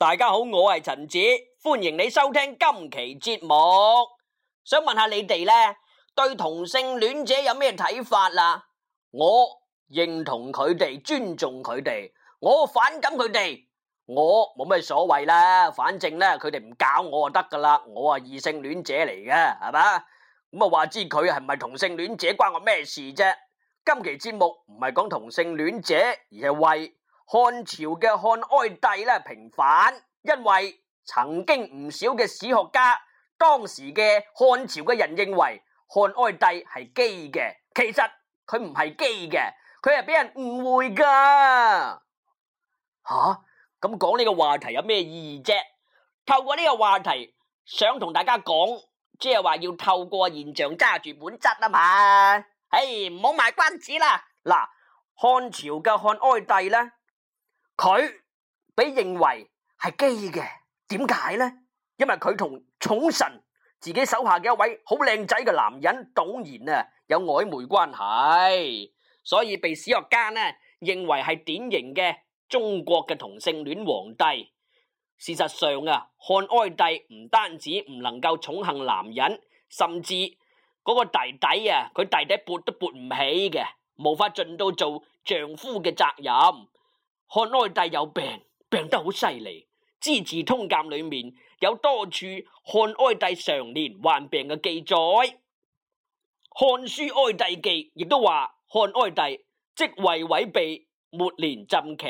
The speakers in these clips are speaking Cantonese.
大家好，我係陳子，歡迎你收聽今期節目。想問下你哋呢對同性戀者有咩睇法啦？我認同佢哋，尊重佢哋，我反感佢哋，我冇咩所謂啦。反正呢，佢哋唔搞我就得噶啦，我係異性戀者嚟嘅，係嘛？咁、嗯、啊話知佢係唔係同性戀者，關我咩事啫？今期節目唔係講同性戀者，而係為。漢朝嘅漢哀帝咧，平反，因為曾經唔少嘅史學家，當時嘅漢朝嘅人認為漢哀帝係基嘅，其實佢唔係基嘅，佢係俾人誤會噶。吓、啊，咁講呢個話題有咩意義啫？透過呢個話題，想同大家講，即係話要透過現象揸住本質啊嘛。唉、hey，唔好賣關子啦。嗱，漢朝嘅漢哀帝咧。佢俾認為係基嘅，點解呢？因為佢同寵臣自己手下嘅一位好靚仔嘅男人董賢啊，有曖昧關係，所以被史學家呢認為係典型嘅中國嘅同性戀皇帝。事實上啊，漢哀帝唔單止唔能夠寵幸男人，甚至嗰個弟弟啊，佢弟弟撥都撥唔起嘅，無法盡到做丈夫嘅責任。漢哀帝有病，病得好犀利。《資治通鑑》裏面有多處漢哀帝常年患病嘅記載，《漢書哀帝紀》亦都話漢哀帝即位痿痹，末年浸劇，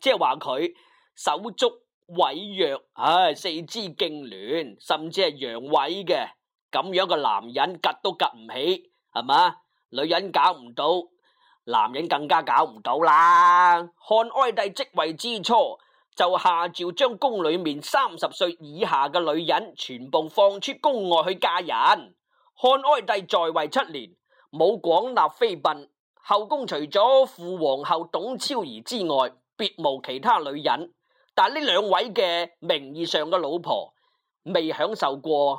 即係話佢手足痿弱，唉、哎，四肢痙攣，甚至係陽痿嘅。咁樣嘅男人趷都趷唔起，係嘛？女人搞唔到。男人更加搞唔到啦！漢哀帝即位之初，就下詔將宮裏面三十歲以下嘅女人全部放出宮外去嫁人。漢哀帝在位七年，冇廣納妃嬪，後宮除咗父皇后董超兒之外，別無其他女人。但呢兩位嘅名義上嘅老婆，未享受過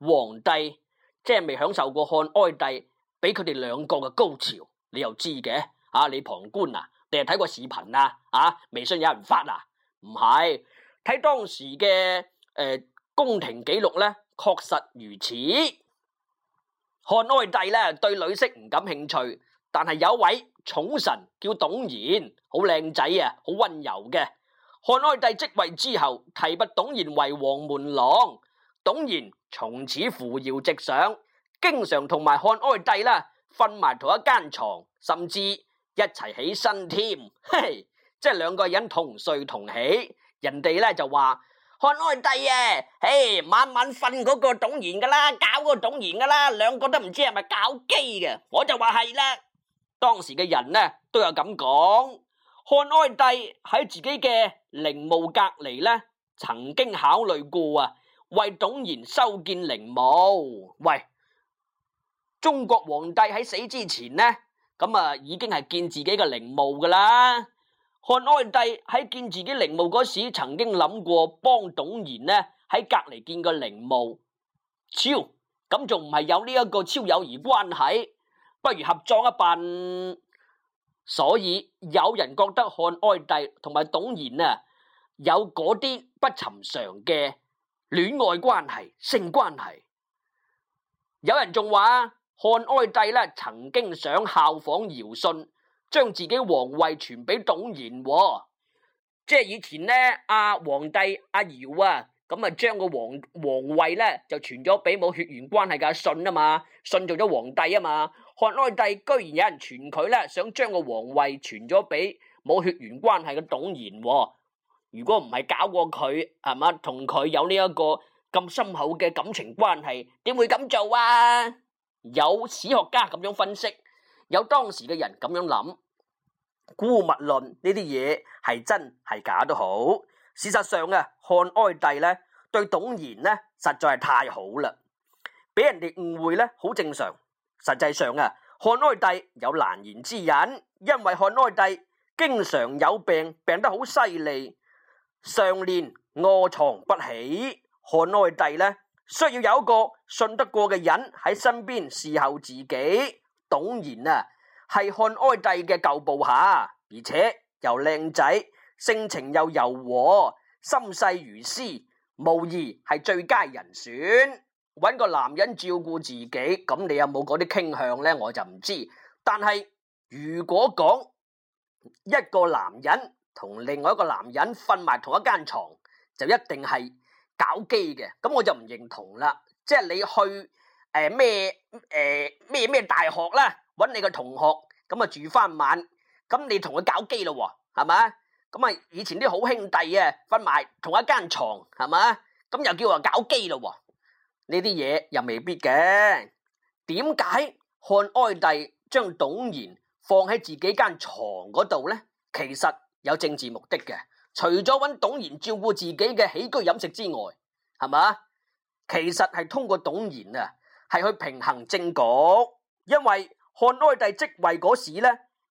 皇帝，即係未享受過漢哀帝俾佢哋兩個嘅高潮。你又知嘅，啊！你旁觀啊，定係睇過視頻啊？啊，微信有人發啊？唔係，睇當時嘅誒宮廷記錄咧，確實如此。漢哀帝咧對女色唔感興趣，但係有位寵臣叫董賢，好靚仔啊，好溫柔嘅。漢哀帝即位之後，提拔董賢為黃門郎，董賢從此扶搖直上，經常同埋漢哀帝啦。瞓埋同一間床，甚至一齊起身添，嘿，即係兩個人同睡同起，人哋咧就話漢哀帝啊，嘿，晚晚瞓嗰個董賢噶啦，搞嗰個董賢噶啦，兩個都唔知係咪搞基嘅，我就話係啦。當時嘅人呢都有咁講，漢哀帝喺自己嘅陵墓隔籬呢，曾經考慮過啊，為董賢修建陵墓，喂。中國皇帝喺死之前呢，咁啊已經係建自己嘅陵墓噶啦。漢哀帝喺建自己陵墓嗰時，曾經諗過幫董賢呢喺隔籬建個陵墓。超咁仲唔係有呢一個超友誼關係？不如合葬一併。所以有人覺得漢哀帝同埋董賢啊有嗰啲不尋常嘅戀愛關係、性關係。有人仲話漢哀帝咧，曾經想效仿堯舜，將自己皇位傳俾董賢，哦。即係以前咧，阿皇帝阿堯啊，咁啊將個皇皇位咧就傳咗俾冇血緣關係嘅舜啊嘛，舜做咗皇帝啊嘛。漢哀帝居然有人傳佢咧，想將個皇位傳咗俾冇血緣關係嘅董賢，哦。如果唔係搞過佢，係咪？同佢有呢一個咁深厚嘅感情關係，點會咁做啊？有史學家咁樣分析，有當時嘅人咁樣諗，姑勿論呢啲嘢係真係假都好。事實上啊，漢哀帝咧對董賢呢實在係太好啦，俾人哋誤會咧好正常。實際上啊，漢哀帝有難言之隱，因為漢哀帝經常有病，病得好犀利，常年臥床不起。漢哀帝咧。需要有一個信得過嘅人喺身邊侍候自己。董賢啊，係漢哀帝嘅舊部下，而且又靚仔，性情又柔和，心細如絲，無疑係最佳人選。揾個男人照顧自己，咁你有冇嗰啲傾向呢？我就唔知。但係如果講一個男人同另外一個男人瞓埋同一間床，就一定係。搞基嘅，咁我就唔認同啦。即係你去誒咩誒咩咩大學啦，揾你個同學咁啊住翻晚，咁你同佢搞基咯，哦，係咪？咁啊以前啲好兄弟啊，瞓埋同一間床，係咪？咁又叫話搞基咯，哦，呢啲嘢又未必嘅。點解漢哀帝將董賢放喺自己間床嗰度咧？其實有政治目的嘅。除咗揾董賢照顧自己嘅起居飲食之外，係嘛？其實係通過董賢啊，係去平衡政局。因為漢哀帝即位嗰時呢，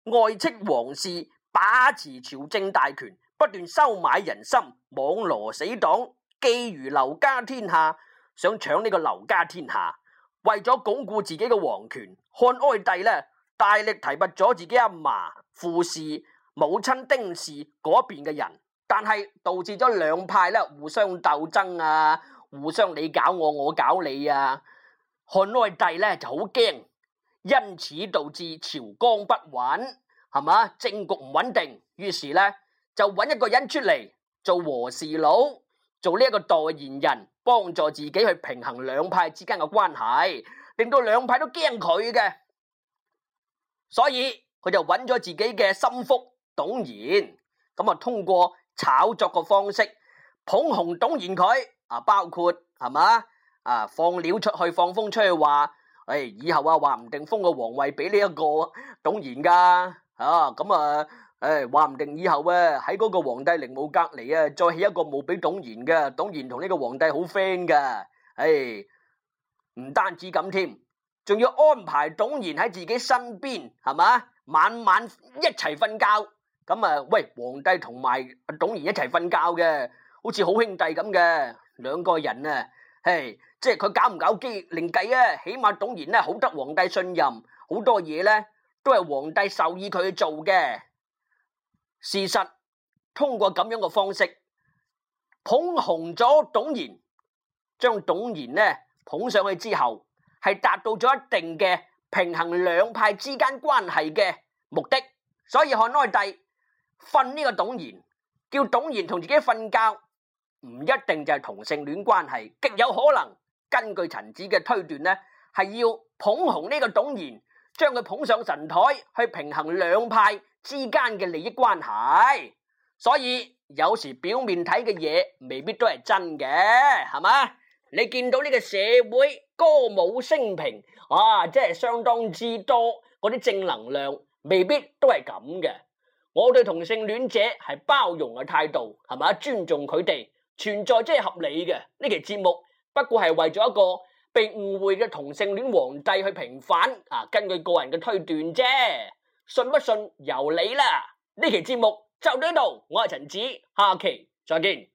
外戚王氏把持朝政大權，不斷收買人心，網羅死黨，覬覦劉家天下，想搶呢個劉家天下。為咗鞏固自己嘅皇權，漢哀帝呢，大力提拔咗自己阿嫲、傅氏、母親丁氏嗰邊嘅人。但係導致咗兩派咧互相鬥爭啊，互相你搞我，我搞你啊！漢哀帝咧就好驚，因此導致朝綱不穩，係嘛，政局唔穩定。於是咧就揾一個人出嚟做和事佬，做呢一個代言人，幫助自己去平衡兩派之間嘅關係，令到兩派都驚佢嘅。所以佢就揾咗自己嘅心腹董賢，咁啊通過。炒作個方式捧紅董賢佢啊，包括係嘛啊放料出去放風出去話，誒、哎、以後啊話唔定封個皇位俾呢一個董賢噶吓，咁啊，誒話唔定以後啊喺嗰個皇帝陵墓隔籬啊，再起一個墓俾董賢噶，董賢同呢個皇帝好 friend 噶，誒、哎、唔單止咁添，仲要安排董賢喺自己身邊係嘛晚晚一齊瞓覺。咁啊，喂！皇帝同埋董賢一齊瞓覺嘅，好似好兄弟咁嘅兩個人啊，嘿，即係佢搞唔搞基靈計啊？起碼董賢呢好得皇帝信任，好多嘢呢都係皇帝授意佢去做嘅。事實通過咁樣嘅方式捧紅咗董賢，將董賢呢捧上去之後，係達到咗一定嘅平衡兩派之間關係嘅目的。所以漢哀帝。瞓呢個董賢，叫董賢同自己瞓覺，唔一定就係同性戀關係，極有可能根據陳子嘅推斷咧，係要捧紅呢個董賢，將佢捧上神台，去平衡兩派之間嘅利益關係。所以有時表面睇嘅嘢，未必都係真嘅，係嘛？你見到呢個社會歌舞昇平，啊，即係相當之多嗰啲正能量，未必都係咁嘅。我對同性戀者係包容嘅態度，係咪尊重佢哋存在，即係合理嘅。呢期節目不過係為咗一個被誤會嘅同性戀皇帝去平反，啊，根據個人嘅推斷啫，信不信由你啦。呢期節目就到呢度，我係陳子，下期再見。